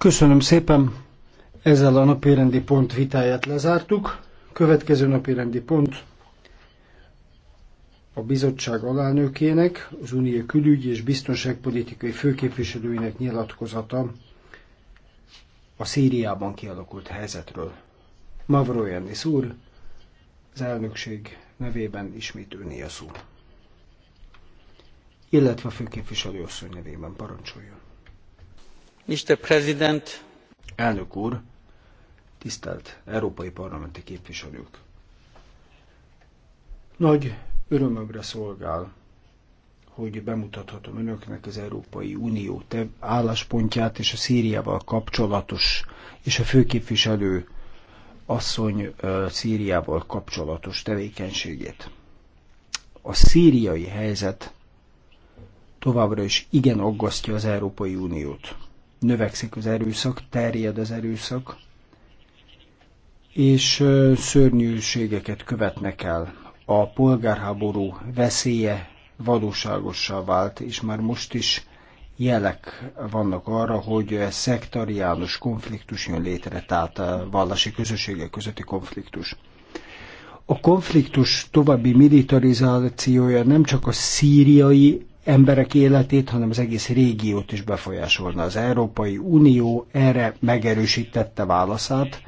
Köszönöm szépen. Ezzel a napirendi pont vitáját lezártuk. Következő napirendi pont a bizottság alelnökének, az unió külügyi és biztonságpolitikai főképviselőinek nyilatkozata a Szíriában kialakult helyzetről. Mavro Jannis úr, az elnökség nevében ismét ő a szó. Illetve a főképviselő asszony nevében parancsoljon. Elnök úr, tisztelt európai parlamenti képviselők! Nagy örömömre szolgál, hogy bemutathatom önöknek az Európai Unió álláspontját és a Szíriával kapcsolatos, és a főképviselő asszony Szíriával kapcsolatos tevékenységét. A szíriai helyzet továbbra is igen aggasztja az Európai Uniót növekszik az erőszak, terjed az erőszak, és szörnyűségeket követnek el. A polgárháború veszélye valóságossá vált, és már most is jelek vannak arra, hogy szektariánus konfliktus jön létre, tehát a vallási közösségek közötti konfliktus. A konfliktus további militarizációja nem csak a szíriai emberek életét, hanem az egész régiót is befolyásolna. Az Európai Unió erre megerősítette válaszát,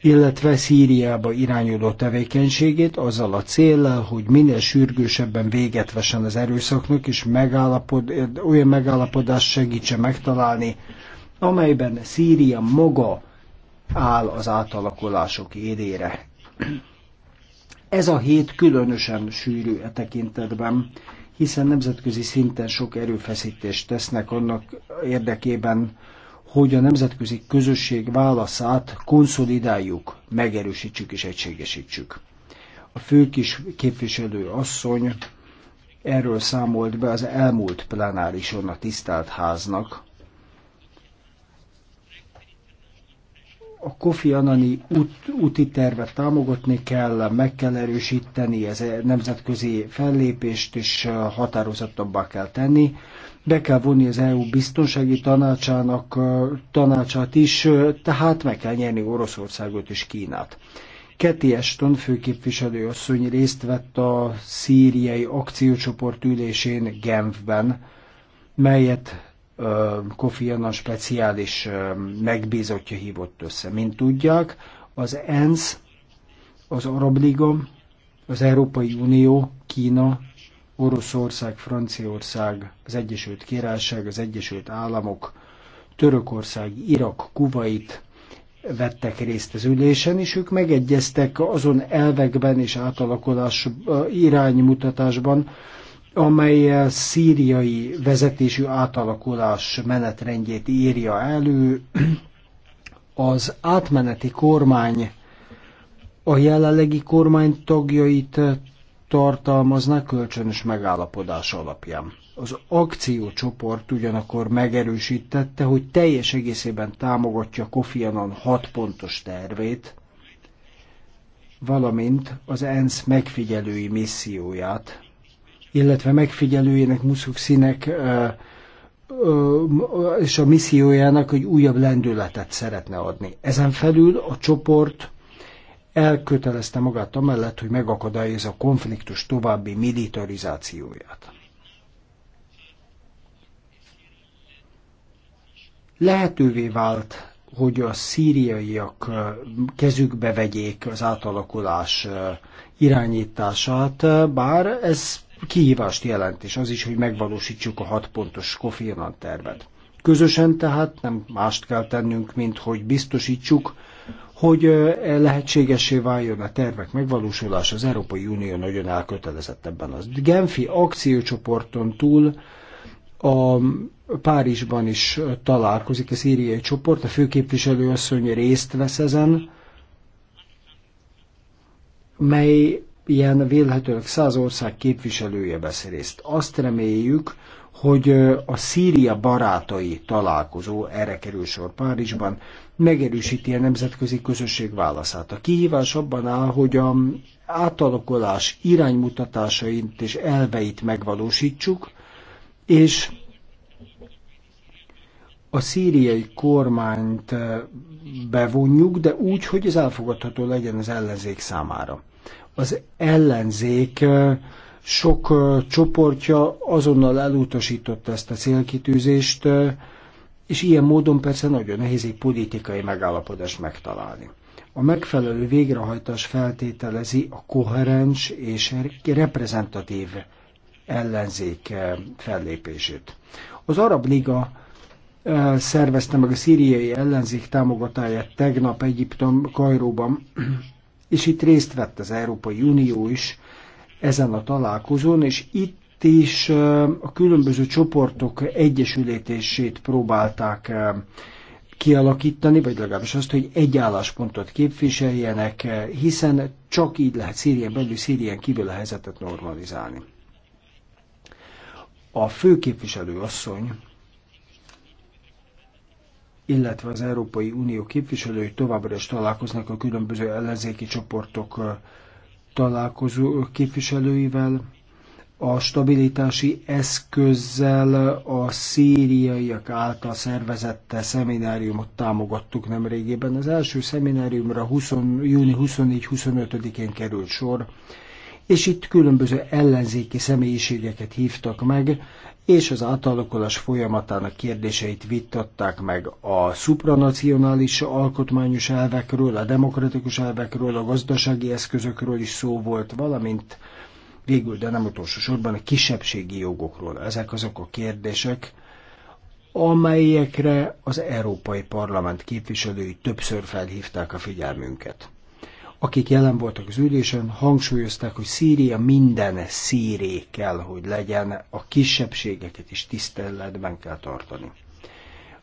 illetve Szíriába irányuló tevékenységét azzal a céllal, hogy minél sürgősebben véget vessen az erőszaknak, és megállapod, olyan megállapodást segítse megtalálni, amelyben Szíria maga áll az átalakulások élére. Ez a hét különösen sűrű e tekintetben, hiszen nemzetközi szinten sok erőfeszítést tesznek annak érdekében, hogy a nemzetközi közösség válaszát konszolidáljuk, megerősítsük és egységesítsük. A főkis képviselő asszony erről számolt be az elmúlt plenárison a tisztelt háznak, a Kofi Anani út, úti tervet támogatni kell, meg kell erősíteni ez e- nemzetközi fellépést, és határozottabbá kell tenni. Be kell vonni az EU biztonsági tanácsának tanácsát is, tehát meg kell nyerni Oroszországot és Kínát. Keti Eston főképviselő asszony részt vett a szíriai akciócsoport ülésén Genfben, melyet Kofi Annan speciális megbízottja hívott össze. Mint tudják, az ENSZ, az Arab Liga, az Európai Unió, Kína, Oroszország, Franciaország, az Egyesült Királyság, az Egyesült Államok, Törökország, Irak, Kuwait vettek részt az ülésen, és ők megegyeztek azon elvekben és átalakulás iránymutatásban, amely szíriai vezetésű átalakulás menetrendjét írja elő. Az átmeneti kormány a jelenlegi kormány tagjait tartalmaznak kölcsönös megállapodás alapján. Az akciócsoport ugyanakkor megerősítette, hogy teljes egészében támogatja Kofi Annan hat pontos tervét, valamint az ENSZ megfigyelői misszióját, illetve megfigyelőjének Muszukszinek és a missziójának egy újabb lendületet szeretne adni. Ezen felül a csoport elkötelezte magát amellett, hogy megakadályozza a konfliktus további militarizációját. Lehetővé vált, hogy a szíriaiak kezükbe vegyék az átalakulás irányítását, bár ez kihívást jelent, és az is, hogy megvalósítsuk a hat pontos kofirnan tervet. Közösen tehát nem mást kell tennünk, mint hogy biztosítsuk, hogy e, lehetségessé váljon a tervek megvalósulása. Az Európai Unió nagyon elkötelezett ebben az Genfi akciócsoporton túl a Párizsban is találkozik a szíriai csoport, a főképviselő asszony részt vesz ezen, mely ilyen vélhetőleg száz ország képviselője vesz részt. Azt reméljük, hogy a Szíria barátai találkozó, erre kerül sor Párizsban, megerősíti a nemzetközi közösség válaszát. A kihívás abban áll, hogy a átalakulás iránymutatásait és elveit megvalósítsuk, és a szíriai kormányt bevonjuk, de úgy, hogy ez elfogadható legyen az ellenzék számára. Az ellenzék sok csoportja azonnal elutasította ezt a célkitűzést, és ilyen módon persze nagyon nehéz egy politikai megállapodást megtalálni. A megfelelő végrehajtás feltételezi a koherens és reprezentatív ellenzék fellépését. Az Arab Liga szervezte meg a szíriai ellenzék támogatáját tegnap Egyiptom Kajróban, és itt részt vett az Európai Unió is ezen a találkozón, és itt is a különböző csoportok egyesülését próbálták kialakítani, vagy legalábbis azt, hogy egy álláspontot képviseljenek, hiszen csak így lehet Szírián belül, Szírián kívül a helyzetet normalizálni. A főképviselő asszony illetve az Európai Unió képviselői továbbra is találkoznak a különböző ellenzéki csoportok találkozó képviselőivel, a stabilitási eszközzel a szíriaiak által szervezett szemináriumot támogattuk nemrégében. Az első szemináriumra 20, júni 24-25-én került sor, és itt különböző ellenzéki személyiségeket hívtak meg, és az átalakulás folyamatának kérdéseit vitatták meg a supranacionális alkotmányos elvekről, a demokratikus elvekről, a gazdasági eszközökről is szó volt, valamint végül, de nem utolsó sorban a kisebbségi jogokról. Ezek azok a kérdések, amelyekre az Európai Parlament képviselői többször felhívták a figyelmünket akik jelen voltak az ülésen, hangsúlyozták, hogy Szíria minden szíré kell, hogy legyen, a kisebbségeket is tiszteletben kell tartani.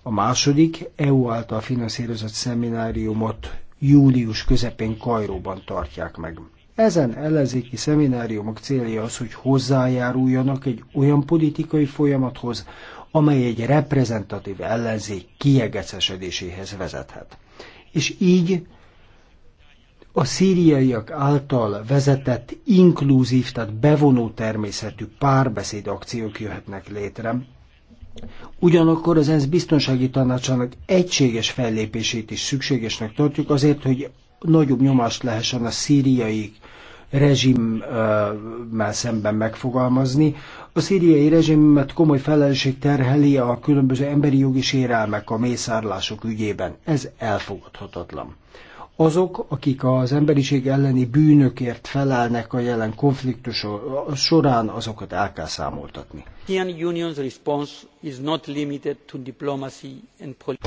A második EU által finanszírozott szemináriumot július közepén Kajróban tartják meg. Ezen ellenzéki szemináriumok célja az, hogy hozzájáruljanak egy olyan politikai folyamathoz, amely egy reprezentatív ellenzék kiegecesedéséhez vezethet. És így a szíriaiak által vezetett inkluzív, tehát bevonó természetű párbeszéd akciók jöhetnek létre. Ugyanakkor az ENSZ biztonsági tanácsának egységes fellépését is szükségesnek tartjuk azért, hogy nagyobb nyomást lehessen a szíriai rezsimmel szemben megfogalmazni. A szíriai rezsimet komoly felelősség terheli a különböző emberi jogi sérelmek a mészárlások ügyében. Ez elfogadhatatlan azok, akik az emberiség elleni bűnökért felelnek a jelen konfliktus során, azokat el kell számoltatni.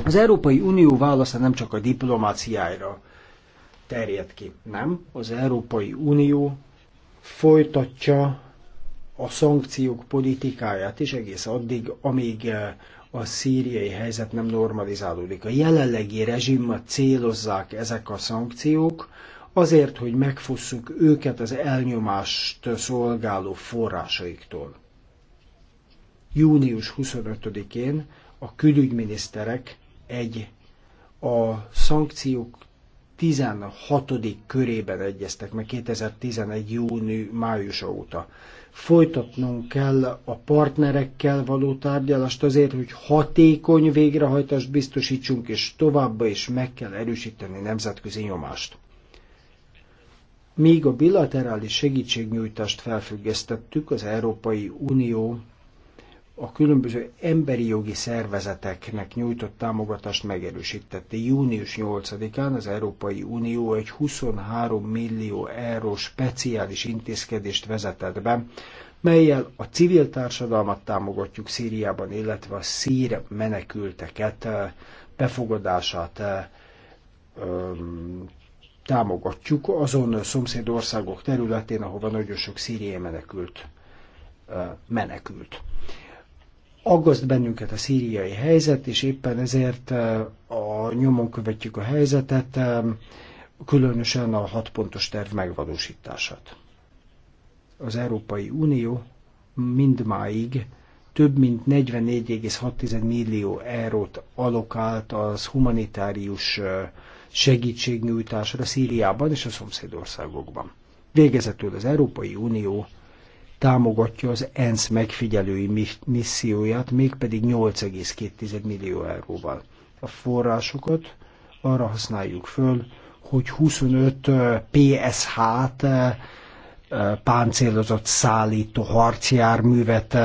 Az Európai Unió válasza nem csak a diplomáciára terjed ki, nem? Az Európai Unió folytatja a szankciók politikáját is egész addig, amíg eh, a szíriai helyzet nem normalizálódik. A jelenlegi rezsimmat célozzák ezek a szankciók, azért, hogy megfosszuk őket az elnyomást szolgáló forrásaiktól. Június 25-én a külügyminiszterek egy a szankciók 16. körében egyeztek meg 2011. június óta folytatnunk kell a partnerekkel való tárgyalást azért, hogy hatékony végrehajtást biztosítsunk, és továbbá is meg kell erősíteni nemzetközi nyomást. Míg a bilaterális segítségnyújtást felfüggesztettük, az Európai Unió a különböző emberi jogi szervezeteknek nyújtott támogatást megerősítette. Június 8-án az Európai Unió egy 23 millió euró speciális intézkedést vezetett be, melyel a civil társadalmat támogatjuk Szíriában, illetve a szír menekülteket befogadását támogatjuk azon szomszéd országok területén, ahova nagyon sok szíriai menekült menekült aggaszt bennünket a szíriai helyzet, és éppen ezért eh, a nyomon követjük a helyzetet, eh, különösen a hat pontos terv megvalósítását. Az Európai Unió mindmáig több mint 44,6 millió eurót alokált az humanitárius eh, segítségnyújtásra Szíriában és a szomszédországokban. Végezetül az Európai Unió támogatja az ENSZ megfigyelői misszióját, mégpedig 8,2 millió euróval. A forrásokat arra használjuk föl, hogy 25 PSH-t, páncélozott szállító harcjárművet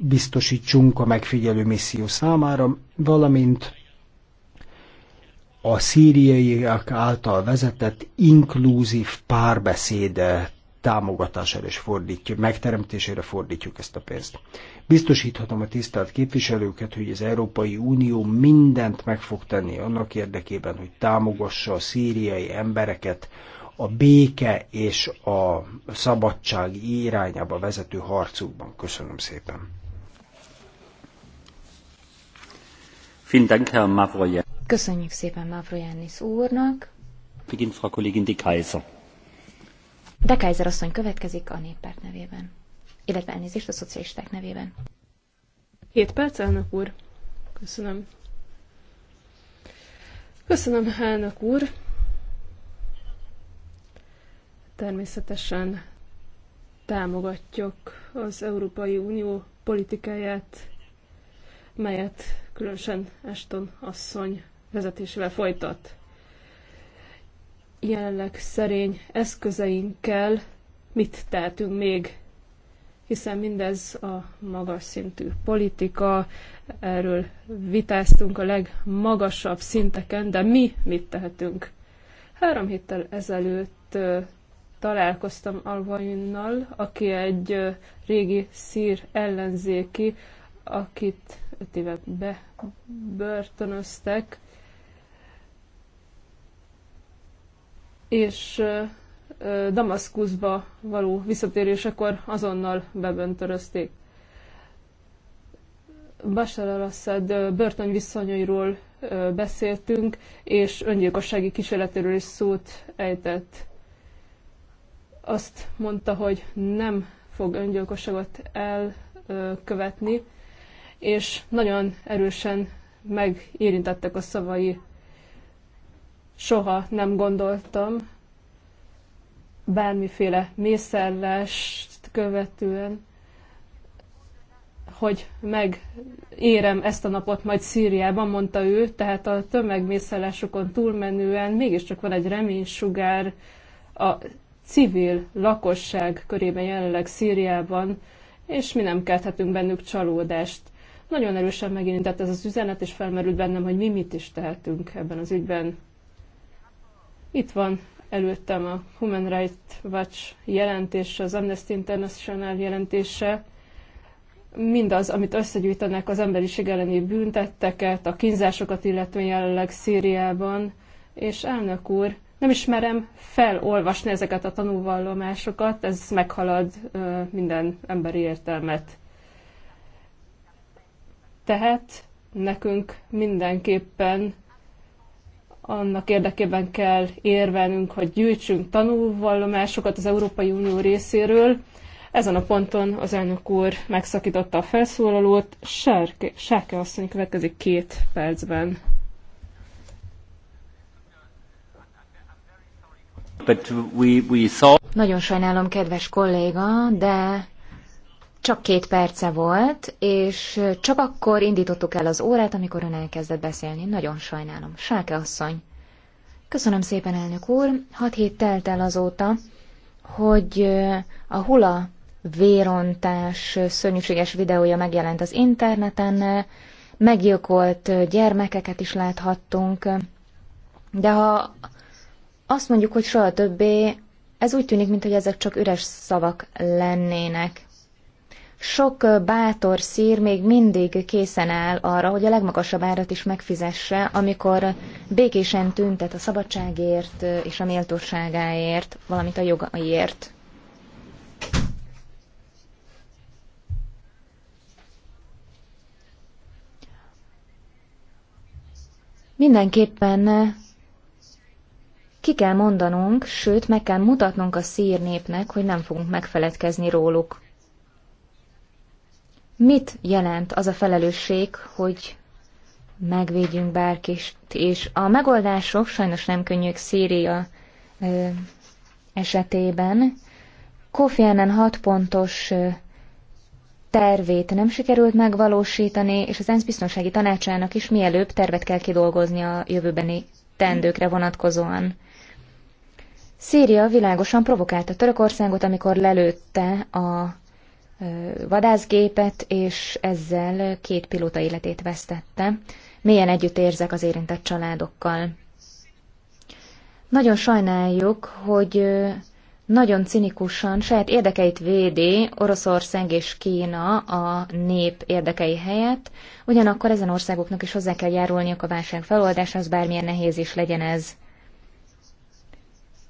biztosítsunk a megfigyelő misszió számára, valamint a szíriaiak által vezetett inkluzív párbeszéd támogatására és fordítjuk, megteremtésére fordítjuk ezt a pénzt. Biztosíthatom a tisztelt képviselőket, hogy az Európai Unió mindent meg fog tenni annak érdekében, hogy támogassa a szíriai embereket a béke és a szabadság irányába vezető harcukban. Köszönöm szépen. Köszönjük szépen Mavrojánis úrnak. Beginn Frau Kollegin Kaiser. De Kaiser asszony következik a néppárt nevében, illetve elnézést a szocialisták nevében. Hét perc, elnök úr. Köszönöm. Köszönöm, elnök úr. Természetesen támogatjuk az Európai Unió politikáját, melyet különösen Eston asszony vezetésével folytat jelenleg szerény eszközeinkkel mit tehetünk még, hiszen mindez a magas szintű politika, erről vitáztunk a legmagasabb szinteken, de mi mit tehetünk? Három héttel ezelőtt találkoztam Alvainnal, aki egy régi szír ellenzéki, akit öt évet bebörtönöztek, és Damaszkuszba való visszatérésekor azonnal beböntörözték. Bashar al-Assad börtönviszonyairól beszéltünk, és öngyilkossági kísérletéről is szót ejtett. Azt mondta, hogy nem fog öngyilkosságot elkövetni, és nagyon erősen megérintettek a szavai soha nem gondoltam bármiféle mészállást követően, hogy megérem ezt a napot majd Szíriában, mondta ő, tehát a tömegmészállásokon túlmenően mégiscsak van egy reménysugár a civil lakosság körében jelenleg Szíriában, és mi nem kelthetünk bennük csalódást. Nagyon erősen megérintett ez az üzenet, és felmerült bennem, hogy mi mit is tehetünk ebben az ügyben. Itt van előttem a Human Rights Watch jelentése, az Amnesty International jelentése, mindaz, amit összegyűjtenek az emberiség elleni büntetteket, a kínzásokat illetően jelenleg Szíriában, és elnök úr, nem ismerem felolvasni ezeket a tanúvallomásokat, ez meghalad minden emberi értelmet. Tehát nekünk mindenképpen annak érdekében kell érvelnünk, hogy gyűjtsünk tanulvallomásokat az Európai Unió részéről. Ezen a ponton az elnök úr megszakította a felszólalót. Sárke, Sárke asszony következik két percben. We, we saw... Nagyon sajnálom, kedves kolléga, de csak két perce volt, és csak akkor indítottuk el az órát, amikor ön elkezdett beszélni. Nagyon sajnálom. Sáke asszony. Köszönöm szépen, elnök úr. Hat hét telt el azóta, hogy a hula vérontás szörnyűséges videója megjelent az interneten, meggyilkolt gyermekeket is láthattunk, de ha azt mondjuk, hogy soha többé, ez úgy tűnik, mintha ezek csak üres szavak lennének. Sok bátor szír még mindig készen áll arra, hogy a legmagasabb árat is megfizesse, amikor békésen tüntet a szabadságért és a méltóságáért, valamint a jogaiért. Mindenképpen ki kell mondanunk, sőt meg kell mutatnunk a szír népnek, hogy nem fogunk megfeledkezni róluk. Mit jelent az a felelősség, hogy megvédjünk bárkit, és a megoldások sajnos nem könnyűek Szíria ö, esetében. Kofi Annan hat pontos ö, tervét nem sikerült megvalósítani, és az ENSZ biztonsági tanácsának is mielőbb tervet kell kidolgozni a jövőbeni tendőkre vonatkozóan. Szíria világosan provokálta Törökországot, amikor lelőtte a vadászgépet, és ezzel két pilóta életét vesztette. Mélyen együtt érzek az érintett családokkal. Nagyon sajnáljuk, hogy nagyon cinikusan saját érdekeit védi Oroszország és Kína a nép érdekei helyett, ugyanakkor ezen országoknak is hozzá kell járulniuk a válság feloldásához, bármilyen nehéz is legyen ez.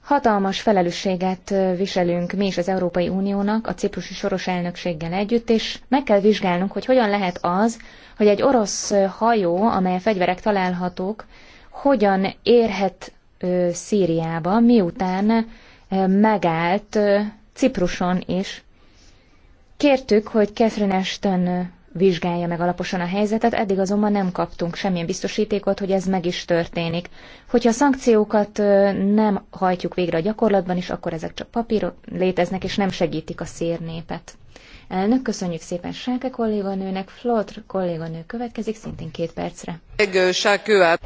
Hatalmas felelősséget viselünk mi is az Európai Uniónak a ciprusi soros elnökséggel együtt, és meg kell vizsgálnunk, hogy hogyan lehet az, hogy egy orosz hajó, amely fegyverek találhatók, hogyan érhet ö, Szíriába, miután ö, megállt ö, Cipruson is. Kértük, hogy Catherine Ashton vizsgálja meg alaposan a helyzetet, eddig azonban nem kaptunk semmilyen biztosítékot, hogy ez meg is történik. Hogyha a szankciókat nem hajtjuk végre a gyakorlatban is, akkor ezek csak papírok léteznek, és nem segítik a szérnépet. Elnök, köszönjük szépen Sáke kolléganőnek, Flotr kolléganő következik szintén két percre.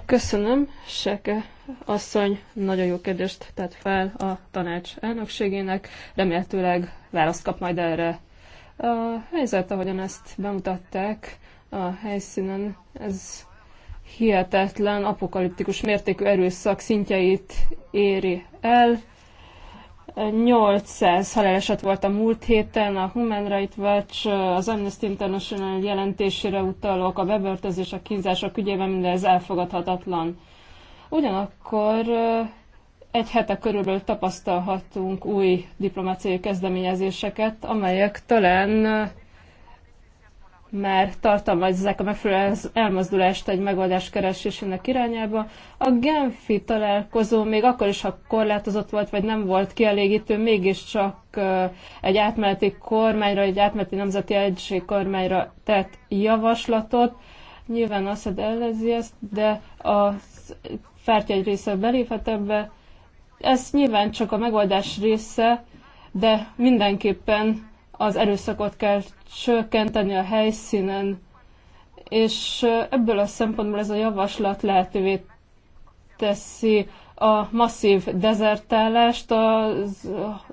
Köszönöm, Sáke asszony, nagyon jó kérdést tett fel a tanács elnökségének, remélhetőleg választ kap majd erre a helyzet, ahogyan ezt bemutatták a helyszínen, ez hihetetlen, apokaliptikus mértékű erőszak szintjeit éri el. 800 haláleset volt a múlt héten, a Human Rights Watch, az Amnesty International jelentésére utalok, a bebörtözés, a kínzások ügyében mindez elfogadhatatlan. Ugyanakkor egy hete körülbelül tapasztalhatunk új diplomáciai kezdeményezéseket, amelyek talán már tartalmazzák a megfelelő elmozdulást egy megoldás keresésének irányába. A Genfi találkozó még akkor is, ha korlátozott volt, vagy nem volt kielégítő, mégiscsak egy átmeneti kormányra, egy átmeneti nemzeti egység kormányra tett javaslatot. Nyilván Assad ellenzi ezt, de a pártja egy része beléphet ebbe, ez nyilván csak a megoldás része, de mindenképpen az erőszakot kell csökkenteni a helyszínen, és ebből a szempontból ez a javaslat lehetővé teszi a masszív dezertálást a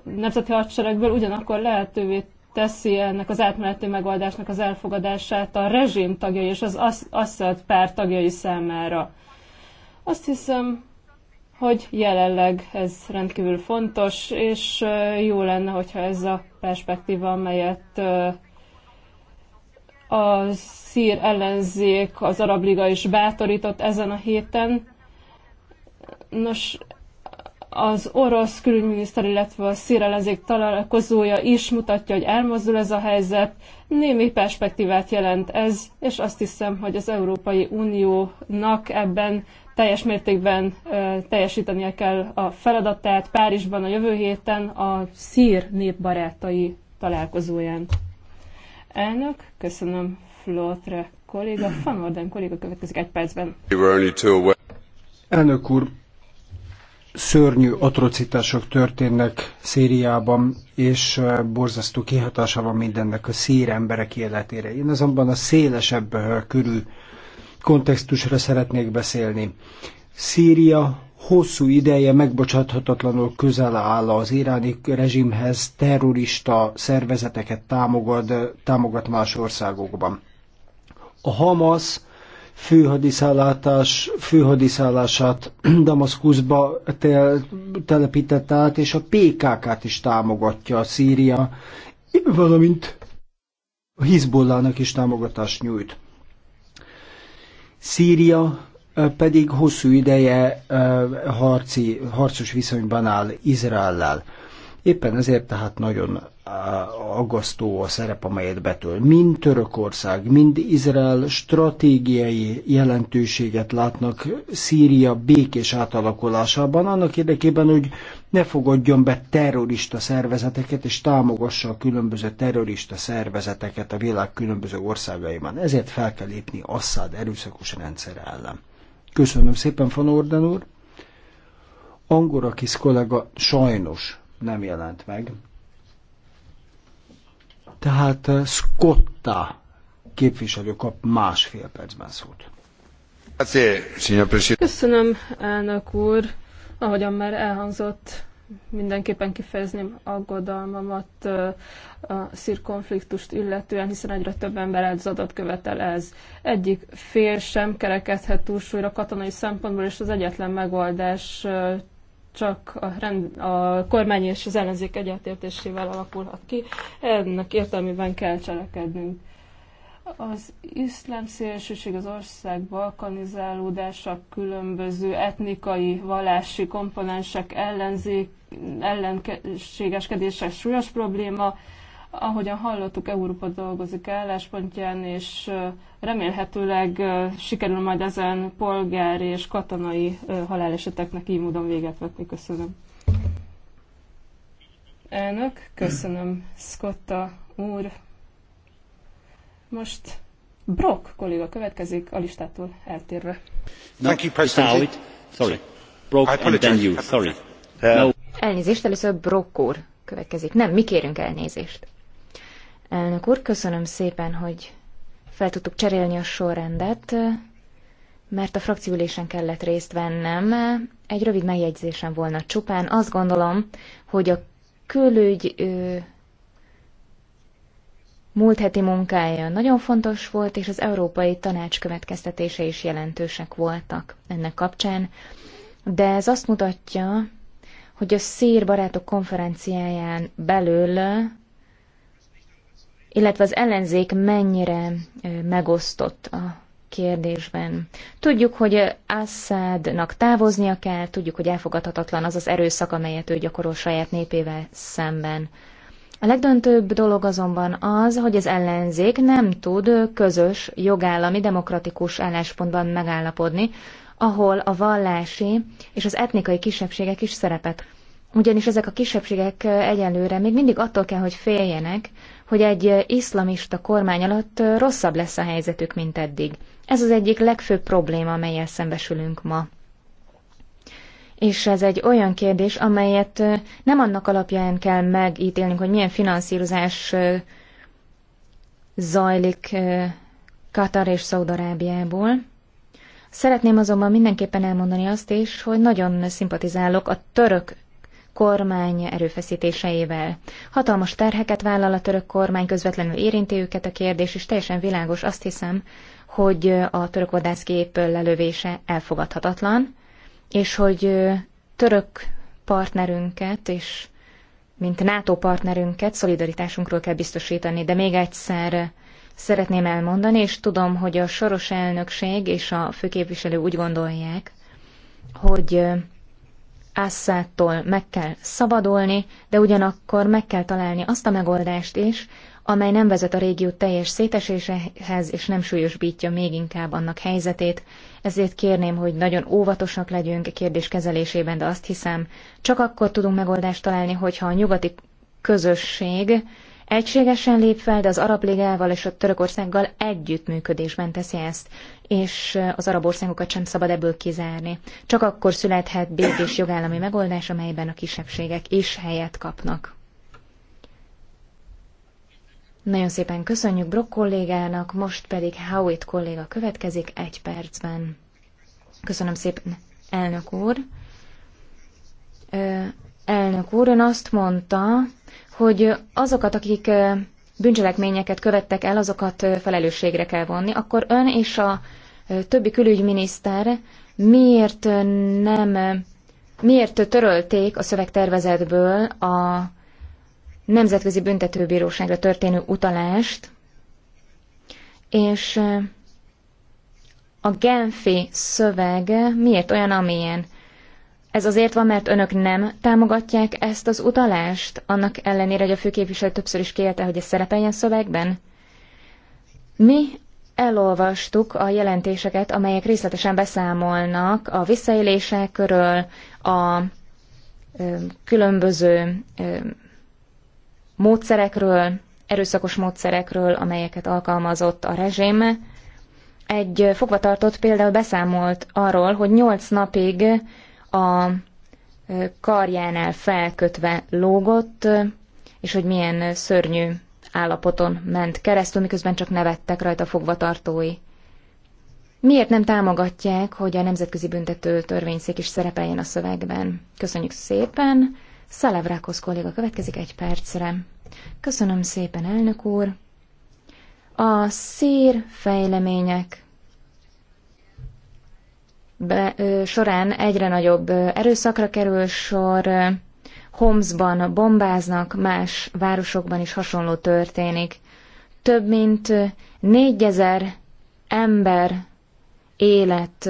nemzeti hadseregből, ugyanakkor lehetővé teszi ennek az átmeneti megoldásnak az elfogadását a rezsim tagjai és az Assad pár tagjai számára. Azt hiszem, hogy jelenleg ez rendkívül fontos, és jó lenne, hogyha ez a perspektíva, amelyet a szír ellenzék, az Arab Liga is bátorított ezen a héten. Nos, az orosz külügyminiszter, illetve a szír ellenzék találkozója is mutatja, hogy elmozdul ez a helyzet. Némi perspektívát jelent ez, és azt hiszem, hogy az Európai Uniónak ebben teljes mértékben teljesítenie kell a feladatát Párizsban a jövő héten a szír népbarátai találkozóján. Elnök, köszönöm Flotre kolléga, Van Orden kolléga következik egy percben. Elnök úr, szörnyű atrocitások történnek Szíriában, és borzasztó kihatása van mindennek a szír emberek életére. Én azonban a szélesebb körül kontextusra szeretnék beszélni. Szíria hosszú ideje megbocsáthatatlanul közel áll az iráni rezsimhez, terrorista szervezeteket támogat, támogat más országokban. A Hamas főhadiszállátás, főhadiszállását Damaszkuszba tel, telepített át, és a PKK-t is támogatja a Szíria, valamint a Hizbollának is támogatást nyújt. Szíria pedig hosszú ideje harci, harcos viszonyban áll Izraellel. Éppen ezért tehát nagyon aggasztó a szerep, amelyet betöl. Mind Törökország, mind Izrael stratégiai jelentőséget látnak Szíria békés átalakulásában, annak érdekében, hogy ne fogadjon be terrorista szervezeteket, és támogassa a különböző terrorista szervezeteket a világ különböző országaiban. Ezért fel kell lépni Assad erőszakos rendszer ellen. Köszönöm szépen, Van Orden úr! Angorakis kollega sajnos nem jelent meg. Tehát eh, Scotta képviselő kap másfél percben szót. Köszönöm, elnök úr. Ahogyan már elhangzott, mindenképpen kifejezném aggodalmamat eh, a szírkonfliktust illetően, hiszen egyre több ember áldozatot követel ez. Egyik fél sem kerekedhet túlsúlyra katonai szempontból, és az egyetlen megoldás eh, csak a, rend, a kormány és az ellenzék egyetértésével alakulhat ki. Ennek értelmében kell cselekednünk. Az iszlám szélsőség az ország balkanizálódása különböző etnikai, vallási komponensek ellenzék, ellenségeskedése súlyos probléma, Ahogyan hallottuk, Európa dolgozik álláspontján, és remélhetőleg sikerül majd ezen polgári és katonai haláleseteknek így módon véget vetni. Köszönöm. Elnök, köszönöm Scotta úr. Most Brock kolléga következik a listától eltérve. Thank you, President. Sorry. Brock and then you. Sorry. Uh, no. Elnézést, először Brock úr következik. Nem, mi kérünk elnézést. Elnök úr, köszönöm szépen, hogy fel tudtuk cserélni a sorrendet, mert a frakciülésen kellett részt vennem. Egy rövid megjegyzésem volna csupán. Azt gondolom, hogy a külügy ő, múlt heti munkája nagyon fontos volt, és az Európai Tanács következtetése is jelentősek voltak ennek kapcsán. De ez azt mutatja, hogy a Szír Barátok konferenciáján belül illetve az ellenzék mennyire megosztott a kérdésben. Tudjuk, hogy Assadnak távoznia kell, tudjuk, hogy elfogadhatatlan az az erőszak, amelyet ő gyakorol saját népével szemben. A legdöntőbb dolog azonban az, hogy az ellenzék nem tud közös, jogállami, demokratikus álláspontban megállapodni, ahol a vallási és az etnikai kisebbségek is szerepet. Ugyanis ezek a kisebbségek egyelőre még mindig attól kell, hogy féljenek, hogy egy iszlamista kormány alatt rosszabb lesz a helyzetük, mint eddig. Ez az egyik legfőbb probléma, amelyel szembesülünk ma. És ez egy olyan kérdés, amelyet nem annak alapján kell megítélnünk, hogy milyen finanszírozás zajlik Katar és Szaudarábiából. Szeretném azonban mindenképpen elmondani azt is, hogy nagyon szimpatizálok a török kormány erőfeszítéseivel. Hatalmas terheket vállal a török kormány, közvetlenül érinti őket a kérdés, és teljesen világos azt hiszem, hogy a török vadászgép lelövése elfogadhatatlan, és hogy török partnerünket és mint NATO partnerünket szolidaritásunkról kell biztosítani, de még egyszer szeretném elmondani, és tudom, hogy a soros elnökség és a főképviselő úgy gondolják, hogy Assadtól meg kell szabadulni, de ugyanakkor meg kell találni azt a megoldást is, amely nem vezet a régió teljes széteséséhez, és nem súlyosbítja még inkább annak helyzetét. Ezért kérném, hogy nagyon óvatosak legyünk a e kérdés kezelésében, de azt hiszem, csak akkor tudunk megoldást találni, hogyha a nyugati közösség egységesen lép fel, de az Arab Ligával és a Törökországgal együttműködésben teszi ezt és az arab országokat sem szabad ebből kizárni. Csak akkor születhet békés jogállami megoldás, amelyben a kisebbségek is helyet kapnak. Nagyon szépen köszönjük Brock kollégának, most pedig Howitt kolléga következik egy percben. Köszönöm szépen, elnök úr. Ö, elnök úr, ön azt mondta, hogy azokat, akik bűncselekményeket követtek el, azokat felelősségre kell vonni, akkor ön és a többi külügyminiszter miért nem, miért törölték a szövegtervezetből a Nemzetközi Büntetőbíróságra történő utalást, és a Genfi szöveg miért olyan, amilyen? Ez azért van, mert önök nem támogatják ezt az utalást, annak ellenére, hogy a főképviselő többször is kérte, hogy ez szerepeljen szövegben? Mi elolvastuk a jelentéseket, amelyek részletesen beszámolnak a visszaélésekről, a ö, különböző ö, módszerekről, erőszakos módszerekről, amelyeket alkalmazott a rezsém. Egy fogvatartott például beszámolt arról, hogy nyolc napig a karjánál felkötve lógott, és hogy milyen szörnyű állapoton ment keresztül, miközben csak nevettek rajta fogvatartói. Miért nem támogatják, hogy a Nemzetközi Büntető Törvényszék is szerepeljen a szövegben? Köszönjük szépen! Szalavrákos kolléga következik egy percre. Köszönöm szépen, elnök úr! A szír fejlemények be, során egyre nagyobb erőszakra kerül sor, Homsban bombáznak, más városokban is hasonló történik. Több mint négyezer ember élet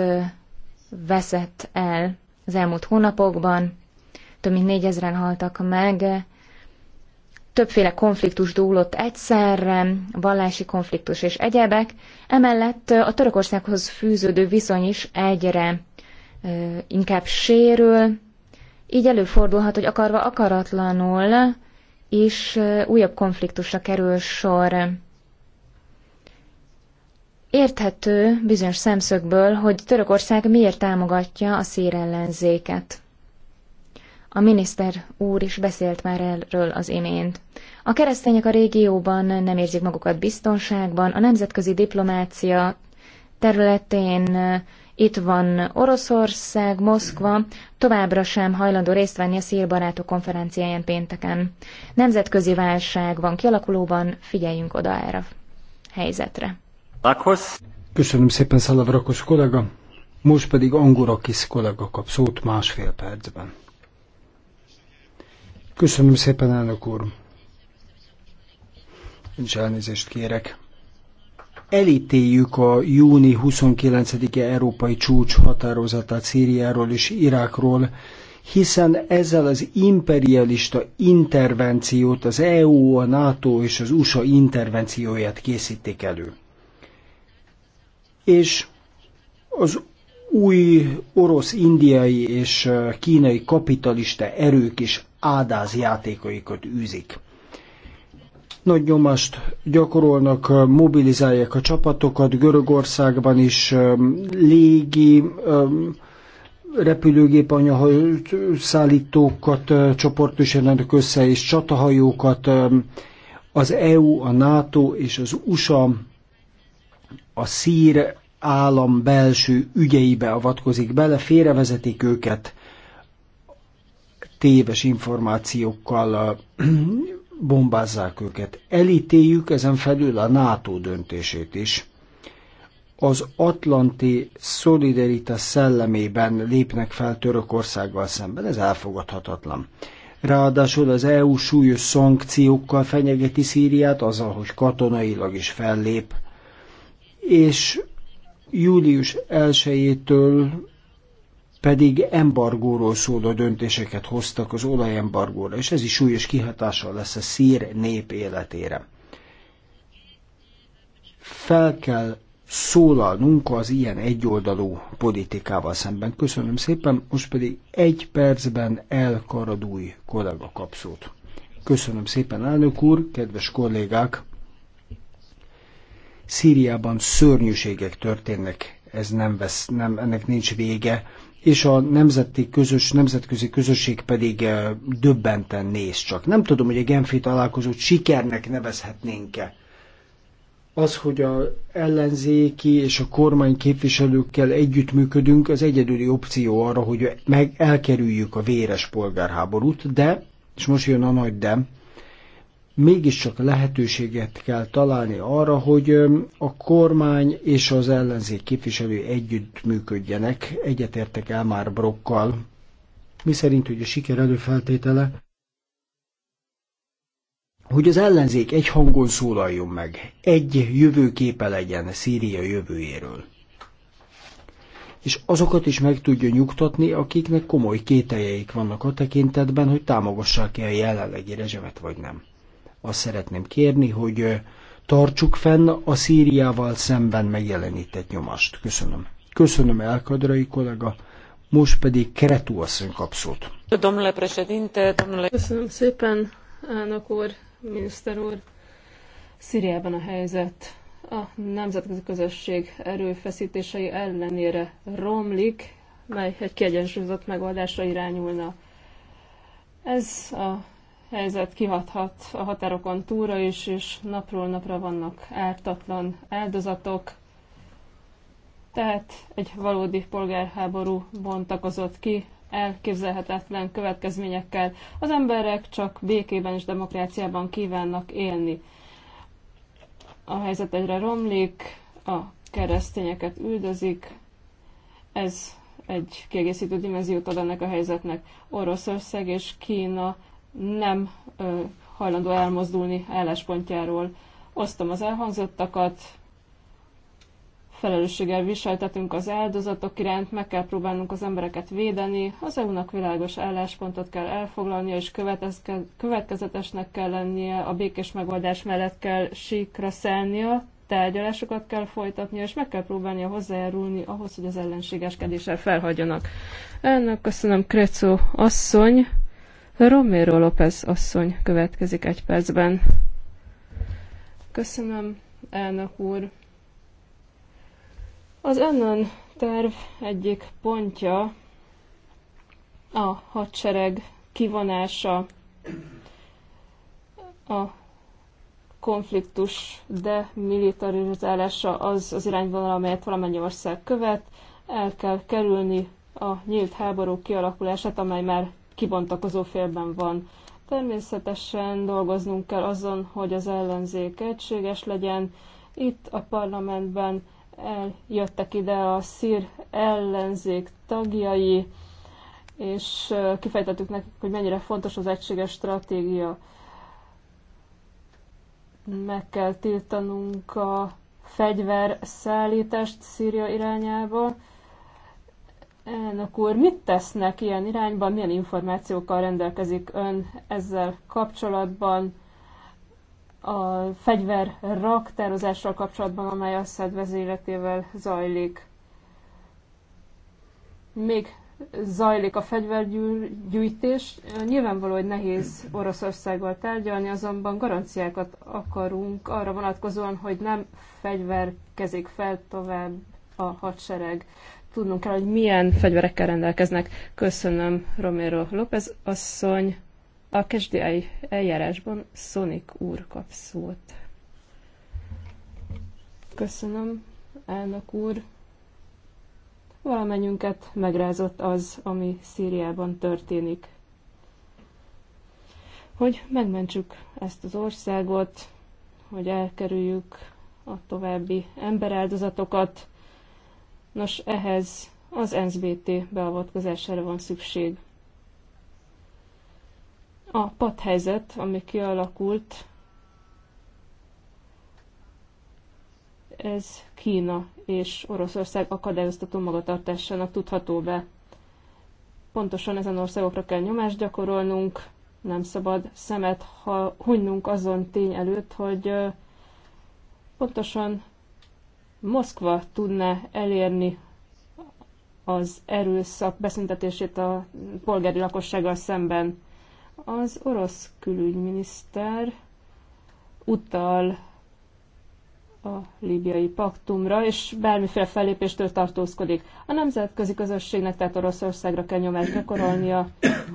veszett el az elmúlt hónapokban, több mint négyezren haltak meg, többféle konfliktus dúlott egyszerre, vallási konfliktus és egyebek, emellett a Törökországhoz fűződő viszony is egyre inkább sérül, így előfordulhat, hogy akarva akaratlanul is újabb konfliktusra kerül sor. Érthető bizonyos szemszögből, hogy Törökország miért támogatja a szír ellenzéket. A miniszter úr is beszélt már erről az imént. A keresztények a régióban nem érzik magukat biztonságban, a nemzetközi diplomácia területén eh, itt van Oroszország, Moszkva, továbbra sem hajlandó részt venni a szírbarátok konferenciáján pénteken. Nemzetközi válság van kialakulóban, figyeljünk oda erre helyzetre. Köszönöm szépen, Szalavrakos kollega. Most pedig Angorakis kollega kap szót másfél percben. Köszönöm szépen, elnök úr. Nincs elnézést kérek. Elítéljük a júni 29-e európai csúcs határozatát Szíriáról és Irákról, hiszen ezzel az imperialista intervenciót az EU, a NATO és az USA intervencióját készítik elő. És az új orosz, indiai és kínai kapitalista erők is ádáz játékaikat űzik. Nagy nyomást gyakorolnak, mobilizálják a csapatokat, Görögországban is légi, repülőgép szállítókat, csoportosítanak össze, és csatahajókat az EU, a NATO és az USA a szír állam belső ügyeibe avatkozik bele, félrevezetik őket, téves információkkal bombázzák őket. Elítéljük ezen felül a NATO döntését is. Az atlanti szolidaritás szellemében lépnek fel Törökországgal szemben, ez elfogadhatatlan. Ráadásul az EU súlyos szankciókkal fenyegeti Szíriát, azzal, hogy katonailag is fellép. És július 1-től pedig embargóról szóló döntéseket hoztak az olajembargóra, és ez is súlyos kihatással lesz a szír nép életére. Fel kell szólalnunk az ilyen egyoldalú politikával szemben. Köszönöm szépen, most pedig egy percben elkaradúj kollega kapszót. Köszönöm szépen, elnök úr, kedves kollégák! Szíriában szörnyűségek történnek, ez nem vesz, nem, ennek nincs vége és a nemzeti közös, nemzetközi közösség pedig eh, döbbenten néz csak. Nem tudom, hogy a Genfi találkozót sikernek nevezhetnénk-e. Az, hogy a ellenzéki és a kormány képviselőkkel együttműködünk, az egyedüli opció arra, hogy meg elkerüljük a véres polgárháborút, de, és most jön a nagy de, mégiscsak lehetőséget kell találni arra, hogy a kormány és az ellenzék képviselői együtt működjenek. Egyetértek el már Brokkal, mi szerint, hogy a siker előfeltétele, hogy az ellenzék egy hangon szólaljon meg, egy jövőképe legyen Szíria jövőjéről. És azokat is meg tudja nyugtatni, akiknek komoly kételjeik vannak a tekintetben, hogy támogassák-e a jelenlegi rezsemet vagy nem. Azt szeretném kérni, hogy tartsuk fenn a Szíriával szemben megjelenített nyomást. Köszönöm. Köszönöm Elkadrai kollega, most pedig Keretú asszony kap szót. Köszönöm szépen, elnök úr, miniszter úr. Szíriában a helyzet a nemzetközi közösség erőfeszítései ellenére romlik, mely egy kiegyensúlyozott megoldásra irányulna. Ez a helyzet kihathat a határokon túlra is, és napról napra vannak ártatlan áldozatok. Tehát egy valódi polgárháború bontakozott ki, elképzelhetetlen következményekkel. Az emberek csak békében és demokráciában kívánnak élni. A helyzet egyre romlik, a keresztényeket üldözik. Ez egy kiegészítő dimenziót ad ennek a helyzetnek. Oroszország és Kína nem ö, hajlandó elmozdulni álláspontjáról. Osztom az elhangzottakat, felelősséggel viseltetünk az áldozatok iránt, meg kell próbálnunk az embereket védeni, az EU-nak világos álláspontot kell elfoglalnia, és következetesnek kell lennie, a békés megoldás mellett kell síkra szelnia, tárgyalásokat kell folytatnia, és meg kell próbálnia hozzájárulni ahhoz, hogy az ellenségeskedéssel felhagyjanak. Ennek köszönöm Krecó asszony. Romero López asszony következik egy percben. Köszönöm, elnök úr. Az önön terv egyik pontja a hadsereg kivonása a konfliktus demilitarizálása az az irányvonal, amelyet valamennyi ország követ. El kell kerülni a nyílt háború kialakulását, amely már kibontakozó félben van. Természetesen dolgoznunk kell azon, hogy az ellenzék egységes legyen. Itt a parlamentben eljöttek ide a szír ellenzék tagjai, és kifejtettük nekik, hogy mennyire fontos az egységes stratégia. Meg kell tiltanunk a fegyverszállítást Szíria irányába, Elnök úr, mit tesznek ilyen irányban, milyen információkkal rendelkezik ön ezzel kapcsolatban, a fegyver raktározással kapcsolatban, amely a SZED vezéletével zajlik? Még zajlik a fegyvergyűjtés. Nyilvánvaló, hogy nehéz Oroszországgal tárgyalni, azonban garanciákat akarunk arra vonatkozóan, hogy nem fegyverkezik fel tovább a hadsereg tudnunk kell, hogy milyen fegyverekkel rendelkeznek. Köszönöm Romero López asszony. A kezdi eljárásban Sonic úr kap szót. Köszönöm, elnök úr. Valamennyünket megrázott az, ami Szíriában történik. Hogy megmentsük ezt az országot, hogy elkerüljük a további emberáldozatokat, Nos, ehhez az NSBT beavatkozására van szükség. A padhelyzet, ami kialakult, ez Kína és Oroszország akadályoztató magatartásának tudható be. Pontosan ezen országokra kell nyomást gyakorolnunk, nem szabad szemet ha hunynunk azon tény előtt, hogy pontosan Moszkva tudná elérni az erőszak beszüntetését a polgári lakossággal szemben. Az orosz külügyminiszter utal a líbiai paktumra, és bármiféle fellépéstől tartózkodik. A nemzetközi közösségnek, tehát Oroszországra kell nyomást gyakorolnia,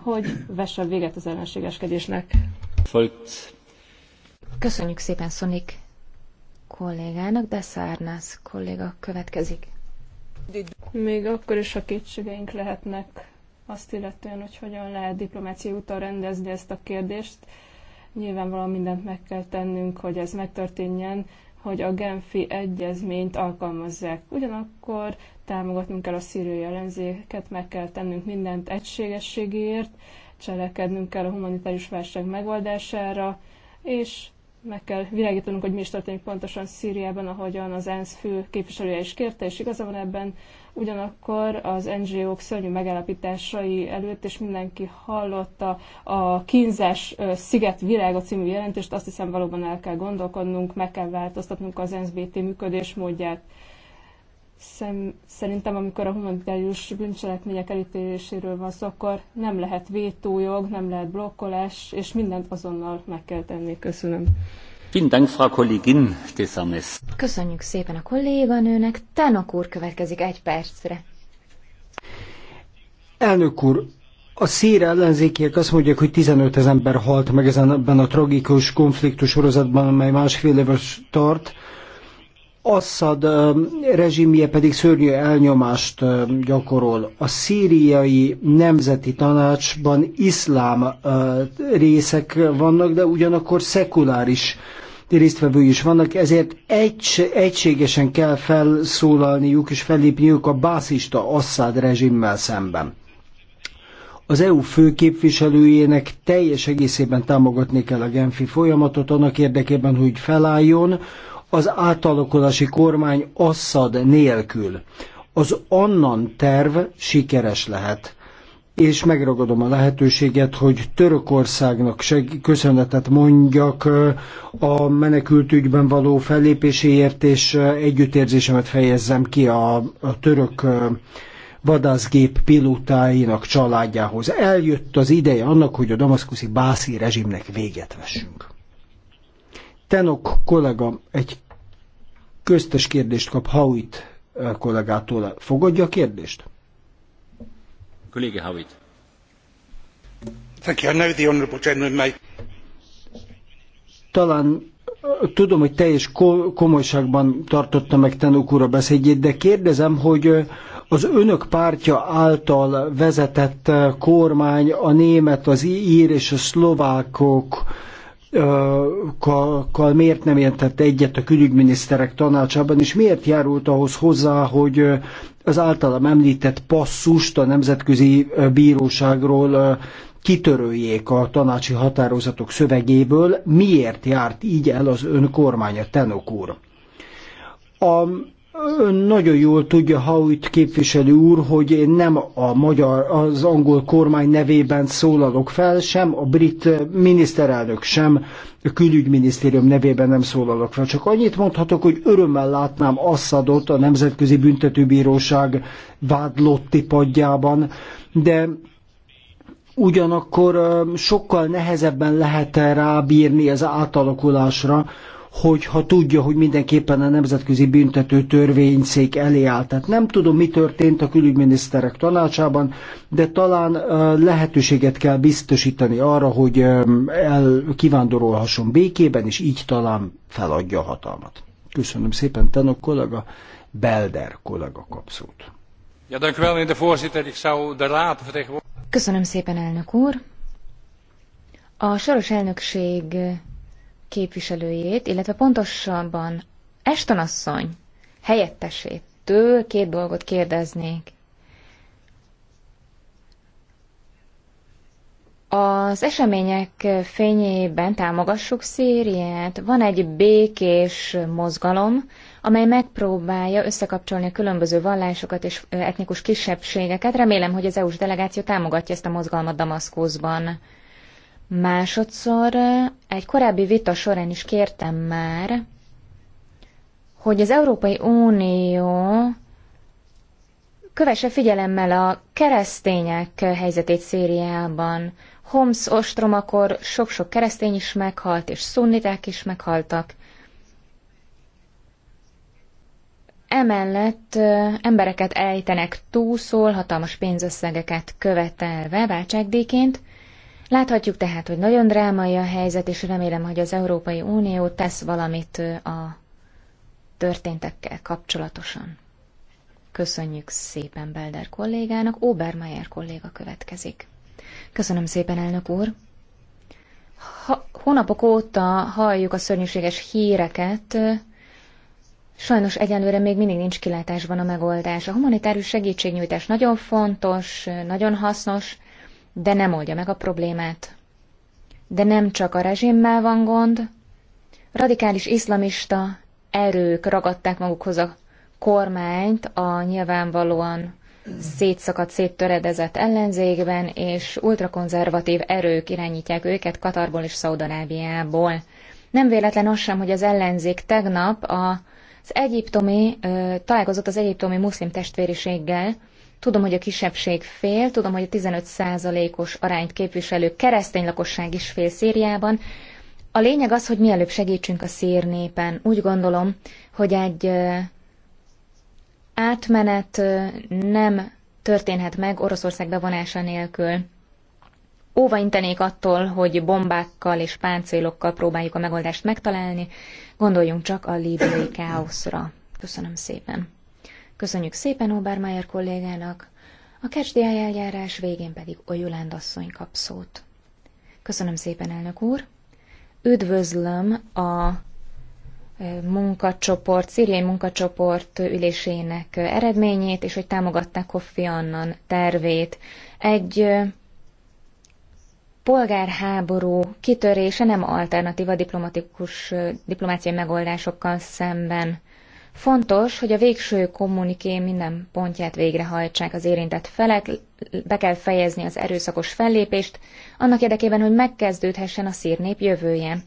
hogy vesse véget az ellenségeskedésnek. Köszönjük szépen, Szonik kollégának, de Szárnász kolléga következik. Még akkor is, ha kétségeink lehetnek azt illetően, hogy hogyan lehet diplomáciai úton rendezni ezt a kérdést, nyilvánvalóan mindent meg kell tennünk, hogy ez megtörténjen, hogy a Genfi egyezményt alkalmazzák. Ugyanakkor támogatnunk kell a szíriai ellenzéket, meg kell tennünk mindent egységességért, cselekednünk kell a humanitárius válság megoldására, és meg kell világítanunk, hogy mi is történik pontosan Szíriában, ahogyan az ENSZ fő képviselője is kérte, és igaza van ebben, ugyanakkor az NGO-k szörnyű megállapításai előtt, és mindenki hallotta a kínzás Sziget Virága című jelentést, azt hiszem valóban el kell gondolkodnunk, meg kell változtatnunk az BT működésmódját. módját szerintem, amikor a humanitárius bűncselekmények elítéléséről van szó, akkor nem lehet vétójog, nem lehet blokkolás, és mindent azonnal meg kell tenni. Köszönöm. Köszönjük szépen a kolléganőnek. Tánok úr következik egy percre. Elnök úr, a szír ellenzékiek azt mondják, hogy 15 ezer ember halt meg ezen ebben a tragikus konfliktus sorozatban, amely másfél éves tart Assad rezsimje pedig szörnyű elnyomást gyakorol. A szíriai nemzeti tanácsban iszlám részek vannak, de ugyanakkor szekuláris résztvevői is vannak, ezért egy, egységesen kell felszólalniuk és fellépniük a bászista Assad rezsimmel szemben. Az EU főképviselőjének teljes egészében támogatni kell a Genfi folyamatot annak érdekében, hogy felálljon, az átalakulási kormány Assad nélkül. Az annan terv sikeres lehet és megragadom a lehetőséget, hogy Törökországnak seg- köszönetet mondjak a menekültügyben való fellépéséért, és együttérzésemet fejezzem ki a, a török vadászgép pilótáinak családjához. Eljött az ideje annak, hogy a damaszkuszi bászi rezsimnek véget vessünk. Tenok kollega egy köztes kérdést kap Hauit eh, kollégától. Fogadja a kérdést? Kollége Hauit. Thank you. I know the gentleman may... Talán eh, tudom, hogy teljes komolyságban tartotta meg Tenok úr a beszédjét, de kérdezem, hogy eh, az önök pártja által vezetett kormány, a német, az ír és a szlovákok kal miért nem értett egyet a külügyminiszterek tanácsában, és miért járult ahhoz hozzá, hogy az általam említett passzust a Nemzetközi Bíróságról kitöröljék a tanácsi határozatok szövegéből, miért járt így el az ön kormánya, Tenok úr? A Ön nagyon jól tudja, úgy képviselő úr, hogy én nem a magyar, az angol kormány nevében szólalok fel, sem a brit miniszterelnök, sem a külügyminisztérium nevében nem szólalok fel. Csak annyit mondhatok, hogy örömmel látnám Assadot a Nemzetközi Büntetőbíróság vádlotti padjában, de ugyanakkor sokkal nehezebben lehet -e rábírni az átalakulásra, hogyha tudja, hogy mindenképpen a Nemzetközi Büntető Törvényszék elé áll. Tehát nem tudom, mi történt a külügyminiszterek tanácsában, de talán lehetőséget kell biztosítani arra, hogy el kivándorolhasson békében, és így talán feladja a hatalmat. Köszönöm szépen, Tanok kollega, Belder kollega kapszót. Köszönöm szépen, elnök úr. A soros elnökség képviselőjét, illetve pontosabban Eston asszony től két dolgot kérdeznék. Az események fényében támogassuk Szíriát. Van egy békés mozgalom, amely megpróbálja összekapcsolni a különböző vallásokat és etnikus kisebbségeket. Remélem, hogy az EU-s delegáció támogatja ezt a mozgalmat Damaszkuszban. Másodszor egy korábbi vita során is kértem már, hogy az Európai Unió kövesse figyelemmel a keresztények helyzetét Szíriában. Homs Ostrom akkor sok-sok keresztény is meghalt, és szunniták is meghaltak. Emellett embereket ejtenek túlszól, hatalmas pénzösszegeket követelve váltságdíjként, Láthatjuk tehát, hogy nagyon drámai a helyzet, és remélem, hogy az Európai Unió tesz valamit a történtekkel kapcsolatosan. Köszönjük szépen Belder kollégának, Obermeier kolléga következik. Köszönöm szépen, elnök úr! Ha, hónapok óta halljuk a szörnyűséges híreket, Sajnos egyenlőre még mindig nincs kilátásban a megoldás. A humanitárius segítségnyújtás nagyon fontos, nagyon hasznos, de nem oldja meg a problémát. De nem csak a rezsimmel van gond, radikális iszlamista erők ragadták magukhoz a kormányt a nyilvánvalóan szétszakadt, széttöredezett ellenzékben, és ultrakonzervatív erők irányítják őket Katarból és Szaudarábiából. Nem véletlen az sem, hogy az ellenzék tegnap a, az egyiptomi, ö, találkozott az egyiptomi muszlim testvériséggel, Tudom, hogy a kisebbség fél, tudom, hogy a 15%-os arányt képviselő keresztény lakosság is fél Szíriában. A lényeg az, hogy mielőbb segítsünk a szír népen. Úgy gondolom, hogy egy átmenet nem történhet meg Oroszország bevonása nélkül. Óva intenék attól, hogy bombákkal és páncélokkal próbáljuk a megoldást megtalálni, gondoljunk csak a líbiai káoszra. Köszönöm szépen. Köszönjük szépen Obermeier kollégának, a kecsdiáj eljárás végén pedig Ojuland asszony kap szót. Köszönöm szépen, elnök úr! Üdvözlöm a e, munkacsoport, szíriai munkacsoport ülésének eredményét, és hogy támogatták Kofi Annan tervét. Egy e, polgárháború kitörése nem alternatíva diplomatikus e, diplomáciai megoldásokkal szemben. Fontos, hogy a végső kommuniké minden pontját végrehajtsák az érintett felek, be kell fejezni az erőszakos fellépést, annak érdekében, hogy megkezdődhessen a szír nép jövője.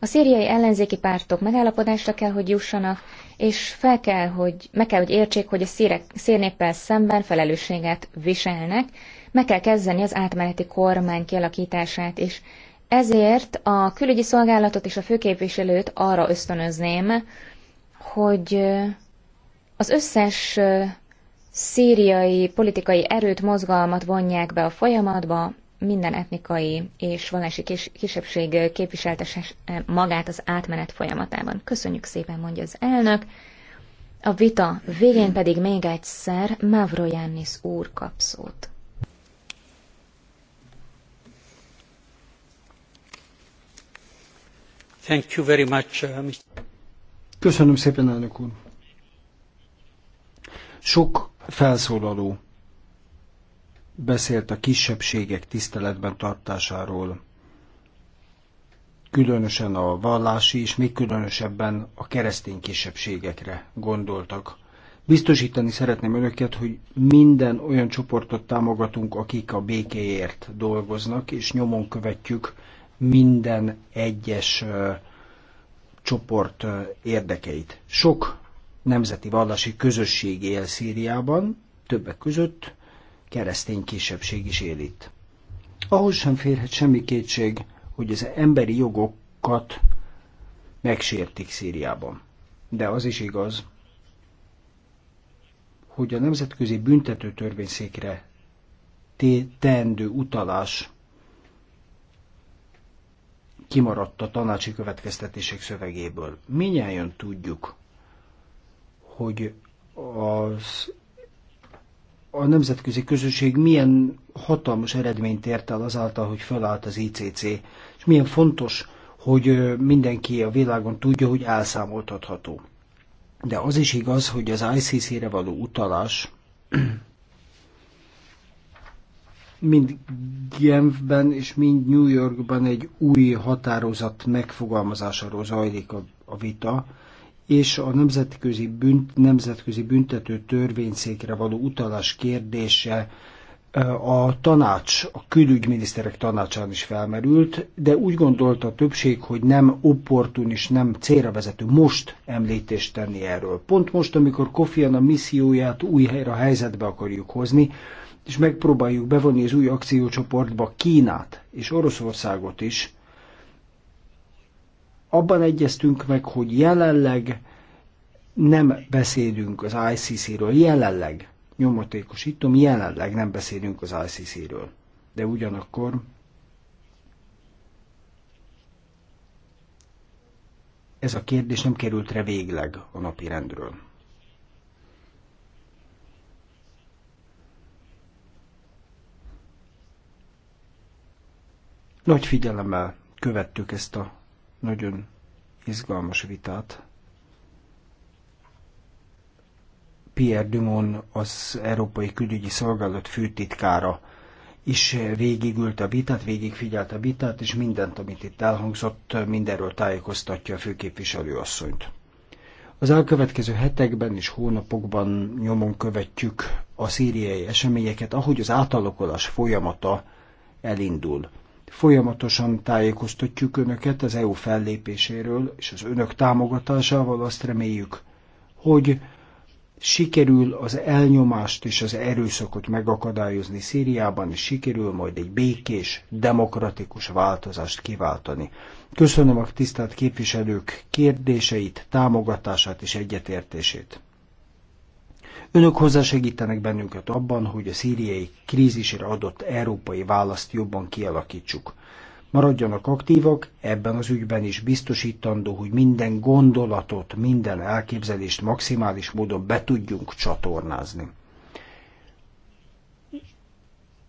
A szíriai ellenzéki pártok megállapodásra kell, hogy jussanak, és fel kell, hogy, meg kell, hogy értsék, hogy a szírek, szírnéppel szemben felelősséget viselnek, meg kell kezdeni az átmeneti kormány kialakítását is. Ezért a külügyi szolgálatot és a főképviselőt arra ösztönözném, hogy az összes szíriai politikai erőt, mozgalmat vonják be a folyamatba, minden etnikai és vallási kisebbség képviseltese magát az átmenet folyamatában. Köszönjük szépen, mondja az elnök. A vita végén pedig még egyszer Mavro Jannis úr kap szót. Thank you very much, uh, Mr. Köszönöm szépen, elnök úr. Sok felszólaló beszélt a kisebbségek tiszteletben tartásáról, különösen a vallási és még különösebben a keresztény kisebbségekre gondoltak. Biztosítani szeretném önöket, hogy minden olyan csoportot támogatunk, akik a békéért dolgoznak, és nyomon követjük minden egyes csoport érdekeit. Sok nemzeti vallási közösség él Szíriában, többek között keresztény kisebbség is él itt. Ahhoz sem férhet semmi kétség, hogy az emberi jogokat megsértik Szíriában. De az is igaz, hogy a Nemzetközi Büntető Törvényszékre teendő utalás kimaradt a tanácsi következtetések szövegéből. Minnyáján tudjuk, hogy az a nemzetközi közösség milyen hatalmas eredményt ért el azáltal, hogy felállt az ICC, és milyen fontos, hogy mindenki a világon tudja, hogy elszámoltatható. De az is igaz, hogy az ICC-re való utalás mind Genfben és mind New Yorkban egy új határozat megfogalmazásáról zajlik a, a vita, és a nemzetközi, bünt, nemzetközi büntető törvényszékre való utalás kérdése a tanács, a külügyminiszterek tanácsán is felmerült, de úgy gondolta a többség, hogy nem opportun és nem célra vezető most említést tenni erről. Pont most, amikor Kofian a misszióját új helyre a helyzetbe akarjuk hozni, és megpróbáljuk bevonni az új akciócsoportba Kínát és Oroszországot is. Abban egyeztünk meg, hogy jelenleg nem beszélünk az ICC-ről, jelenleg, nyomatékosítom, jelenleg nem beszélünk az ICC-ről. De ugyanakkor ez a kérdés nem került re végleg a napi rendről. Nagy figyelemmel követtük ezt a nagyon izgalmas vitát. Pierre Dumont, az Európai Külügyi Szolgálat főtitkára is végigült a vitát, végigfigyelt a vitát, és mindent, amit itt elhangzott, mindenről tájékoztatja a főképviselő asszonyt. Az elkövetkező hetekben és hónapokban nyomon követjük a szíriai eseményeket, ahogy az átalakulás folyamata elindul. Folyamatosan tájékoztatjuk Önöket az EU fellépéséről, és az Önök támogatásával azt reméljük, hogy sikerül az elnyomást és az erőszakot megakadályozni Szíriában, és sikerül majd egy békés, demokratikus változást kiváltani. Köszönöm a tisztelt képviselők kérdéseit, támogatását és egyetértését. Önök hozzásegítenek bennünket abban, hogy a szíriai krízisre adott európai választ jobban kialakítsuk. Maradjanak aktívak, ebben az ügyben is biztosítandó, hogy minden gondolatot, minden elképzelést maximális módon be tudjunk csatornázni.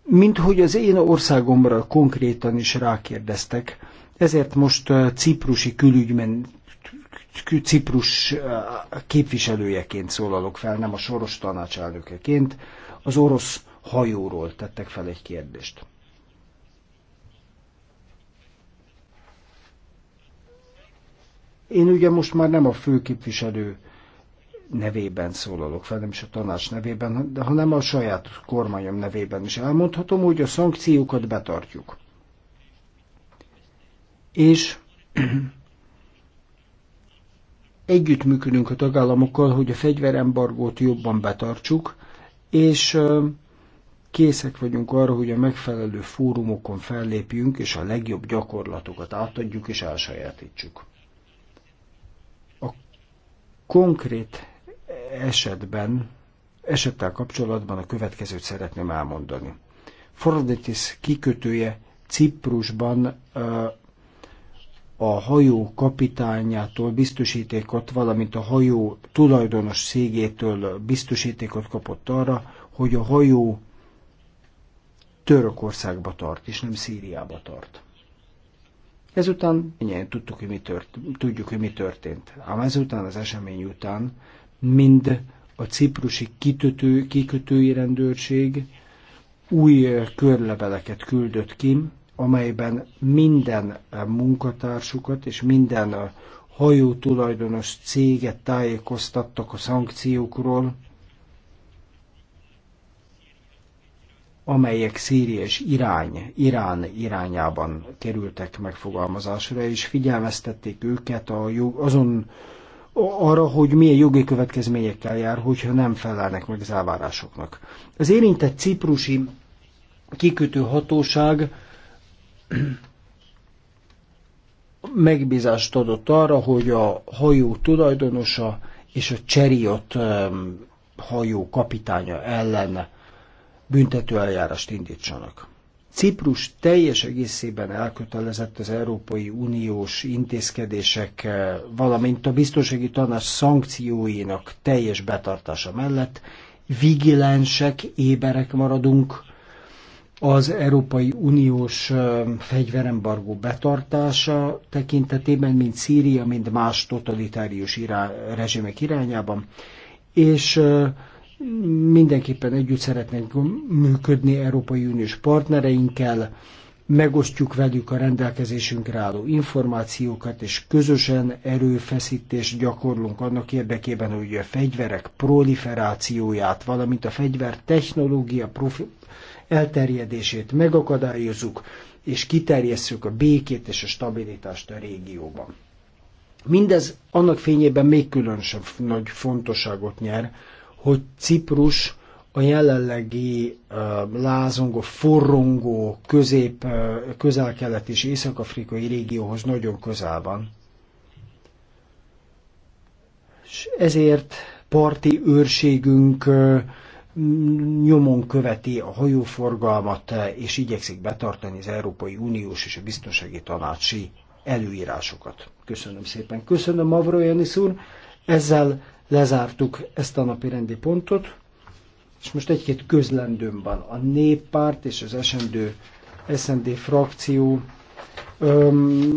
Mint hogy az én országomra konkrétan is rákérdeztek, ezért most eh, ciprusi külügymen, Ciprus képviselőjeként szólalok fel, nem a soros tanácselnökeként. Az orosz hajóról tettek fel egy kérdést. Én ugye most már nem a főképviselő nevében szólalok fel, nem is a tanács nevében, de hanem a saját kormányom nevében is elmondhatom, hogy a szankciókat betartjuk. És együttműködünk a tagállamokkal, hogy a fegyverembargót jobban betartsuk, és készek vagyunk arra, hogy a megfelelő fórumokon fellépjünk, és a legjobb gyakorlatokat átadjuk és elsajátítsuk. A konkrét esetben, esettel kapcsolatban a következőt szeretném elmondani. Fordítis kikötője Ciprusban a hajó kapitányától biztosítékot, valamint a hajó tulajdonos szégétől biztosítékot kapott arra, hogy a hajó Törökországba tart, és nem Szíriába tart. Ezután ennyien tudtuk, hogy mi tört, tudjuk, hogy mi történt. Ám ezután, az esemény után mind a ciprusi kitötő, kikötői rendőrség új körleveleket küldött ki, amelyben minden munkatársukat és minden hajó tulajdonos céget tájékoztattak a szankciókról, amelyek és irány, Irán irányában kerültek megfogalmazásra, és figyelmeztették őket a jog, azon arra, hogy milyen jogi következményekkel jár, hogyha nem felelnek meg az elvárásoknak. Az érintett ciprusi kikötő hatóság megbízást adott arra, hogy a hajó tulajdonosa és a Cseriot hajó kapitánya ellen büntetőeljárást indítsanak. Ciprus teljes egészében elkötelezett az Európai Uniós intézkedések, eh, valamint a biztonsági tanács szankcióinak teljes betartása mellett vigilensek, éberek maradunk, az Európai Uniós fegyverembargó betartása tekintetében, mint Szíria, mint más totalitárius irá, rezsimek irányában, és mindenképpen együtt szeretnénk működni Európai Uniós partnereinkkel, megosztjuk velük a rendelkezésünkre álló információkat, és közösen erőfeszítést gyakorlunk annak érdekében, hogy a fegyverek proliferációját, valamint a fegyver technológia elterjedését megakadályozzuk, és kiterjesszük a békét és a stabilitást a régióban. Mindez annak fényében még különösebb nagy fontosságot nyer, hogy Ciprus a jelenlegi uh, lázongó, forrongó közép, uh, közel-kelet és észak-afrikai régióhoz nagyon közel van. És ezért parti őrségünk uh, nyomon követi a hajóforgalmat, és igyekszik betartani az Európai Uniós és a Biztonsági Tanácsi előírásokat. Köszönöm szépen. Köszönöm, Mavro Janis úr. Ezzel lezártuk ezt a napi rendi pontot, és most egy-két közlendőm van. A Néppárt és az esendő SND frakció öm,